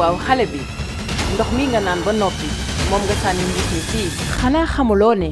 waaw xale bi ndox mi nga naan ba noppi moom nga sànni nit ñi fii xanaa xamuloo ne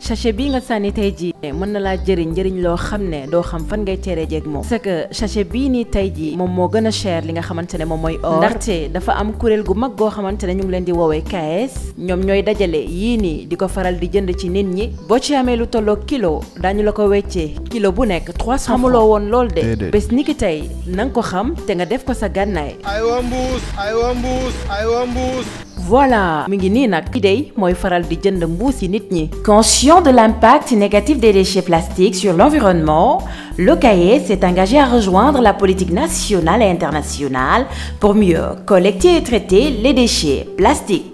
sachet bi nga sànni tey jii mën na laa jëriñ njëriñ loo xam ne doo xam fan ngay teeree jeeg moom parce que sachet bii nii tey ji moom moo gën a cher li nga xamante ne moom mooy or ndaxte dafa am kuréel gu mag goo xamante ne ñu ngi leen di woowee KS ñoom ñooy dajale yii nii di ko faral di jënd ci nit ñi boo ci amee lu tolloo kilo daañu la ko weccee kilo bu nekk 300 xamuloo woon lool de bés nit ki tey na nga ko xam te nga def ko sa gànnaay aywa mbuus mbuus aywa mbuus ngi nii nag ki mooy faral di jënd mbuus yi nit ñi de l'impact négatif des déchets plastiques sur l'environnement, l'OCAE s'est engagé à rejoindre la politique nationale et internationale pour mieux collecter et traiter les déchets plastiques.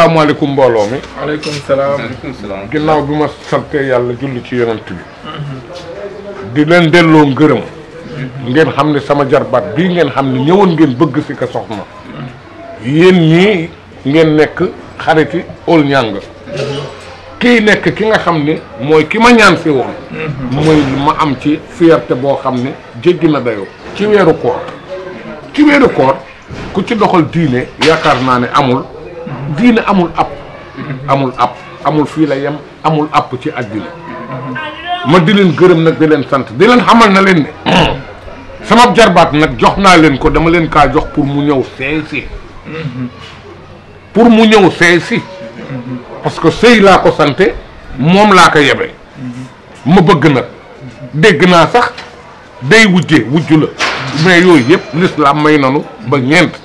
asalaamaaleykum mbooloo mi. maaleykum salaam maaleykum salaam. ginnaaw bi ma sante yàlla julli ci yonent bi. Mhm. di leen delloo ngërëm. Mhm. ngeen xam ne sama jarbaat bii ngeen xam ne ñëwoon ngeen bëgg si ko soxna. Mhm. yéen ñii ngeen nekk xariti ol ñàng kii nekk ki nga xam ni mooy ki ma ñaan si woon. mooy ma am ci fierté boo xam ne jéggi na dayoo. ci weeru koor ci weeru koor ku ci doxal diine yaakaar naa ne amul. diine amul app amul app fii la yem amul app ci àddina ma di leen gërëm nag di leen sant di leen xamal na leen ne sama jarbaat nag jox naa leen ko dama leen kaa jox pour mu ñëw seey si pour mu ñëw seey si parce que sëy laa ko sante moom laa ko yebe ma bëgg nag dégg naa sax day wujje wujj la mais yooyu yëpp lislaam may nonu ba ñeent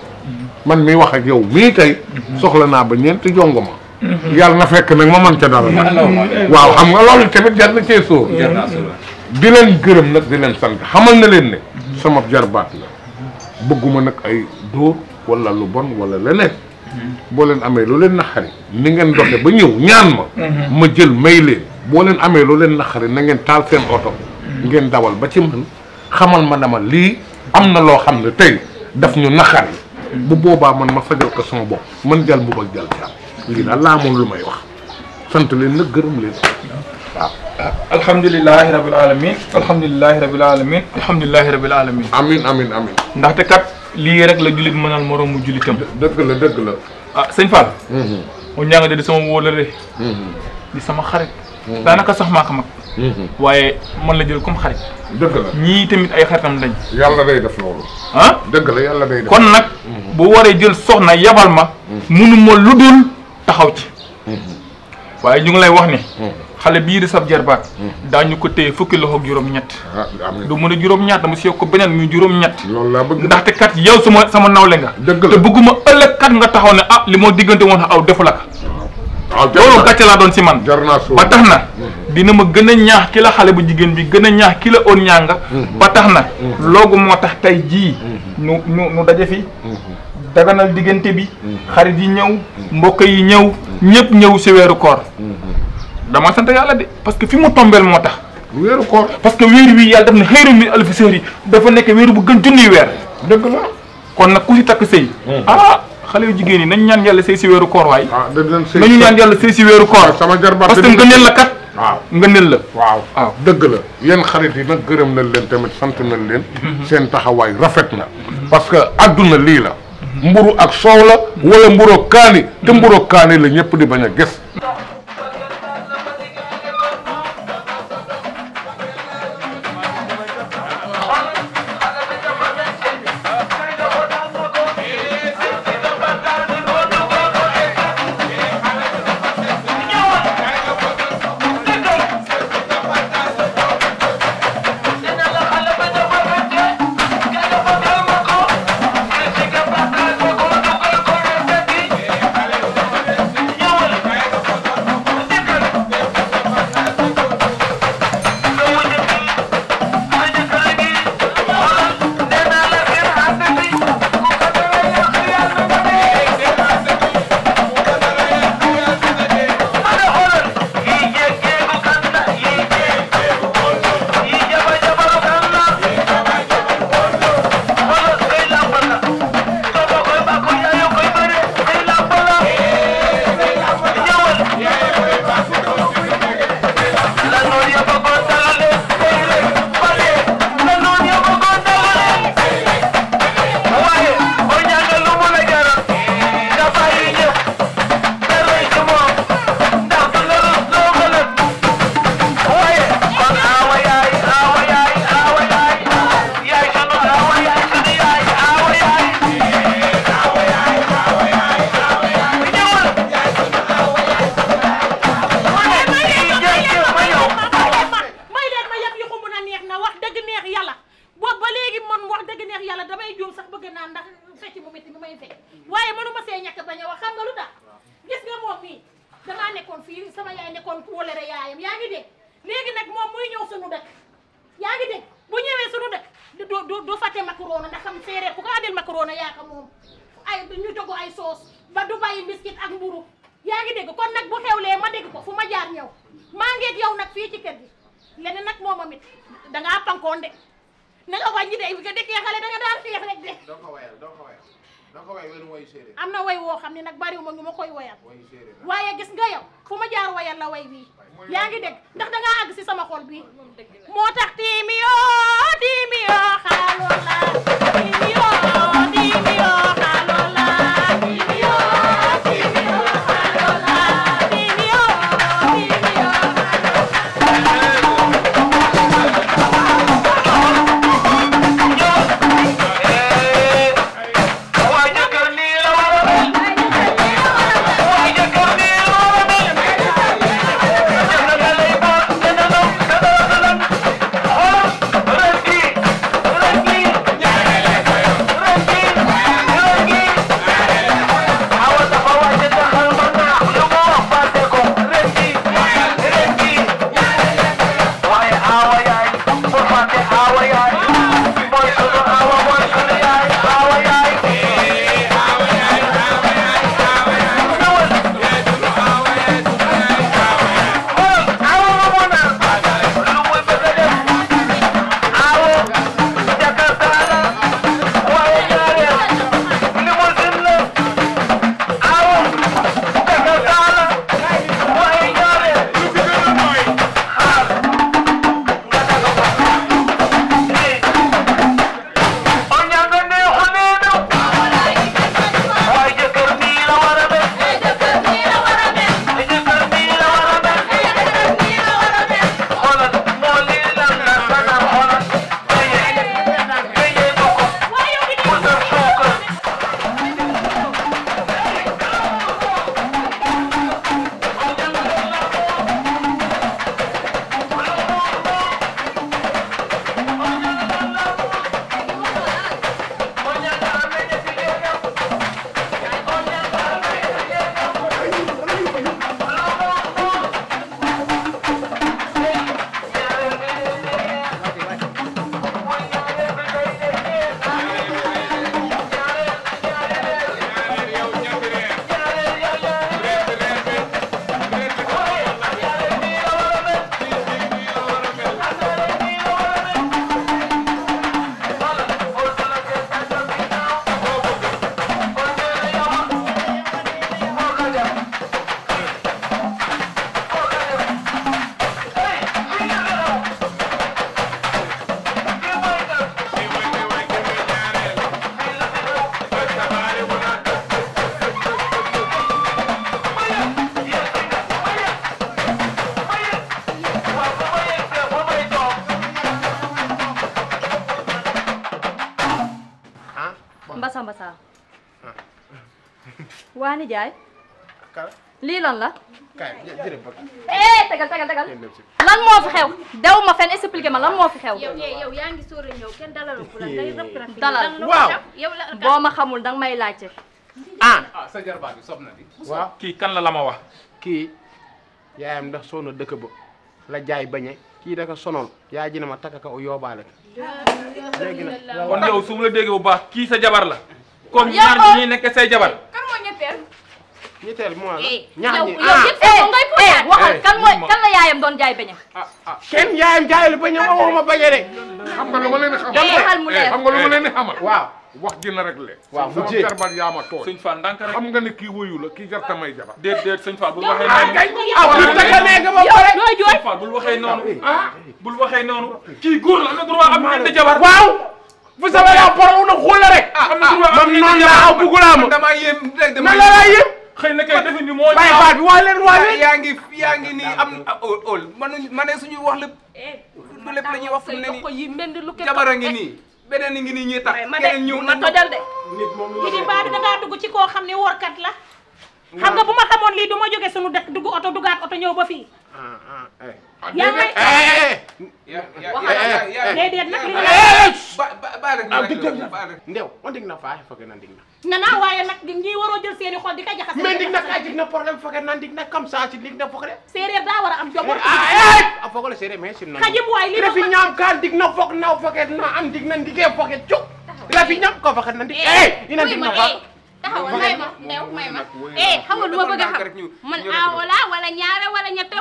man mi wax ak yow mi tay soxla na ba ñent jongoma yalla na fekk nak ma man ca dara waaw xam nga lolou tamit jar na ci so di len gërem nak di len sant xamal na len ne sama jarbat la bëgguma nak ay do wala lu bon wala leneen bo len amé lu len naxari ni ngeen doxé ba ñew ñaan ma ma jël may len bo len amé lu len naxari na ngeen tal seen auto ngeen dawal ba ci man xamal ma dama li amna lo xamne tay daf ñu naxari bu boobaa man ma fajal ko sama bopp man jal bu ak jal caam lii daal laa moom lu may wax sant leen nag gërëm leen waaw alhamdulilahi rabil alamin alhamdulilahi rabil alamin alhamdulilahi rabil alamin amin amin amin ndaxte kat lii rek la julit mënal moroomu julitam dëgg la dëgg la ah sëñ Fall mu ñaa nga de di sama wóolare di sama xarit daanaka sax maa ko mag Mhm. waaye man la jël comme xarit dëgg la ñii tamit ay xaritam lañ day def ah dëgg la yàlla day def kon mhm. bu waree jël soxna yabal ma mhm. munuma lu dul taxaw ci waaye ñu ngi lay wax ni xale bii di sab jarbaat daañu ko téye fukki loxo ak juróom ah, du mën dama kat yow sama sama nawle nga te bëgguma kat nga taxaw ne ah li moo diggante aw defu la ka ah, ah, loolu gàcce doon man ba dina ma gën a ñaax ki la xale bu jigéen bi gën a ñaax ki la oon ñànga mm-hmm. ba tax na mm-hmm. loogu moo tax tey jii mm-hmm. nu nu nu daje fi daganal diggante bi xarit yi ñëw mbokk yi ñëw ñëpp ñëw si weeru koor dama sant yàlla de parce que fi mu tombeel moo tax weeru koor parce que weer wi yàlla def na xëyru mi alfiseer yi dafa nekk weeru bu gën junniy weer dëgg la kon nag ku si takk sëy ah xale yu jigéen yi nañu ñaan yàlla sëy si weeru koor waay ah, nañu ñaan yàlla sëy si weeru koor parce que waaw ngëneel la. waaw waaw dëgg la yéen xarit yi nag gërëm na leen tamit sant na leen. Mhm. seen taxawaay rafet na. Mhm. parce que àdduna lii la. mburu ak soow la. wala mburu kaani te mhm. mburu kaani la ñëpp di bañ a gis. kon fii sama yaay nekkoon ku yaayam yaa ngi dégg léegi nag moom muy ñëw suñu dëkk yaa ngi dégg bu ñëwee suñu dëkk du du fàtte macaroni ndax xam séeréer ku ko andil macaroni yaa ko moom ay ñu togo ay soos ba du bàyyi biscuit ak mburu yaa ngi dégg kon nag bu xewlee ma dégg ko fu ma jaar ñëw maa ngeeg yow nag fii ci kër gi leneen nag moom amit dangaa pankoon de na nga wàññi de nga dëkkee xale da daal feex rek de am na way woo xam ni nag bariwuma ñu ma koy woyal waaye gis nga yow fu ma jaar woyal la way bii yaa ngi dégg ndax dangaa àgg si sama xol bii moo tax tiim waa nijaay kan? li lan la kan, eh tagal tagal tagal lan mo fi xew dew ma fen expliquer ma lan mo fi xew yow yow yaangi soor ñew ken dalal ko la ngay rëpp rëpp dalal waaw kan? boo ma xamul danga may laajte ah, ah sa jarba bi sopna na di waaw ki kan la lama wax ki yaayam ndax sonu dekk ba la jaay bañe ki da ka sonal yaa ji ma takaka o yobale kon yow su la déggee bu baax ki sa jabar la kon ñaar ñi nekk say jabar ñetteel. ñetteel moo la. Eh, ñaar ñi ah eh, eh waxal kan eh, mooy kan la yaayam doon jaay beñe. ah ah kenn yaayam jaayul beñe ma waxuma beñe de. xam nga lu ma leen xamal xam nga lu ma leen xamal waaw. wax ji na rek le waaw mu jee sama yaa ma tooñ sëñ Fall ndànk rek xam nga ne kii wuyu la kii jar tamay jabar déet déet sëñ Fall bul waxee noonu ah bu tëkkalee nga ba pare sëñ Fall bul waxee noonu ah bul waxee noonu kii góor la nga droit am ngeen di jabar waaw vous savez la parole na xul la rek. ah ah man noonu laa bëggulaa ma damaa yéem rek dama yéem. xëy na kay defuñu moo ñu. bàyyi baat bi waa leen waa leen. yaa ngi yaa ngi nii am ol manuñ ma ne suñuy wax lépp. du lépp la ñuy wax fu mu ne nii jabara ngi nii. beneen ni ngi nii ñuy tax keneen ñëw na tojal de idi baa bi dangaa dugg ci koo xam ne workat la xam nga bu ma xamoon lii du ma jóge suñu dëkk dugg oto duggaat oto ñëw ba fii ya ya ya ya, ya. Eh, ya ya déedéet nag li nga ndew on dig nana waaye nag ngi waroo jël seeni xol di ka jaxase mais dig na ka dig na problème fa gën dig na comme ça ci dig na fogre séeréer daa war a am jom eh, ah eh, a cuk la fi ñaam ko eh ina dig na fa taxawal eh xamal lu ma bëgg wala wala ñaare wala ñette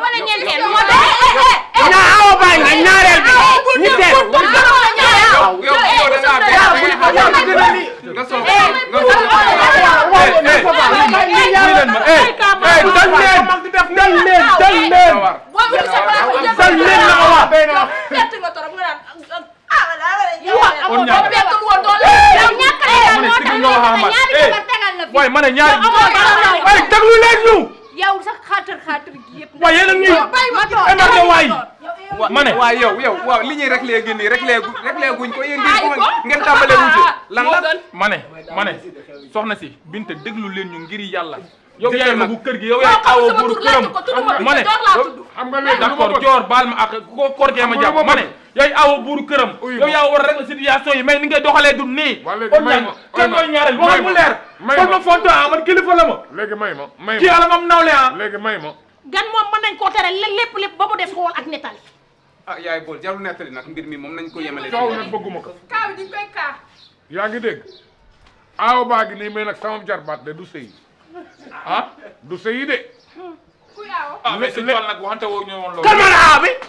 waaye ma ne ñaari waaye déglu leen ñu. yow sax xaatar xaatar gi yëpp. a waaye ma ne waaw yow yow waaw li ñuy réglé gi nii réglé gu réglé guñ ko yéen ngeen ngeen tàmbalee wuute ah, lan la ma ne ma ne soxna si Binta déglu leen ñu ngir yàlla yow yaay magu kër gi yow yaay awo buuru këram ma ne xam nga léegi d'accord joor baal ma ak ko korgee ma jàpp ma ne yaay awo buuru këram yow yaa war a régler situation yi mais ni ngay doxalee du nii kon nag kan mooy ñaareel waxal mu leer kon ma fonto ah man kilifa la ma léegi may ma may ma kii alamam nawle ah léegi may ma gan moom mën nañ koo tere lépp lépp ba mu des xool ak nettali ah yaay bool jarul nettali nag mbir mi moom nañ ko yemale. coow nag bëgguma ko. yaa ngi dégg aaw baa ngi nii mais nag sama jarbaat de du sëy ah du sëy de. kuy aaw. Ah,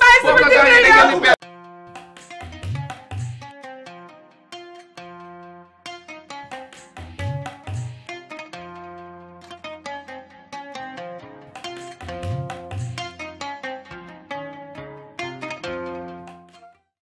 taxawal taxawal.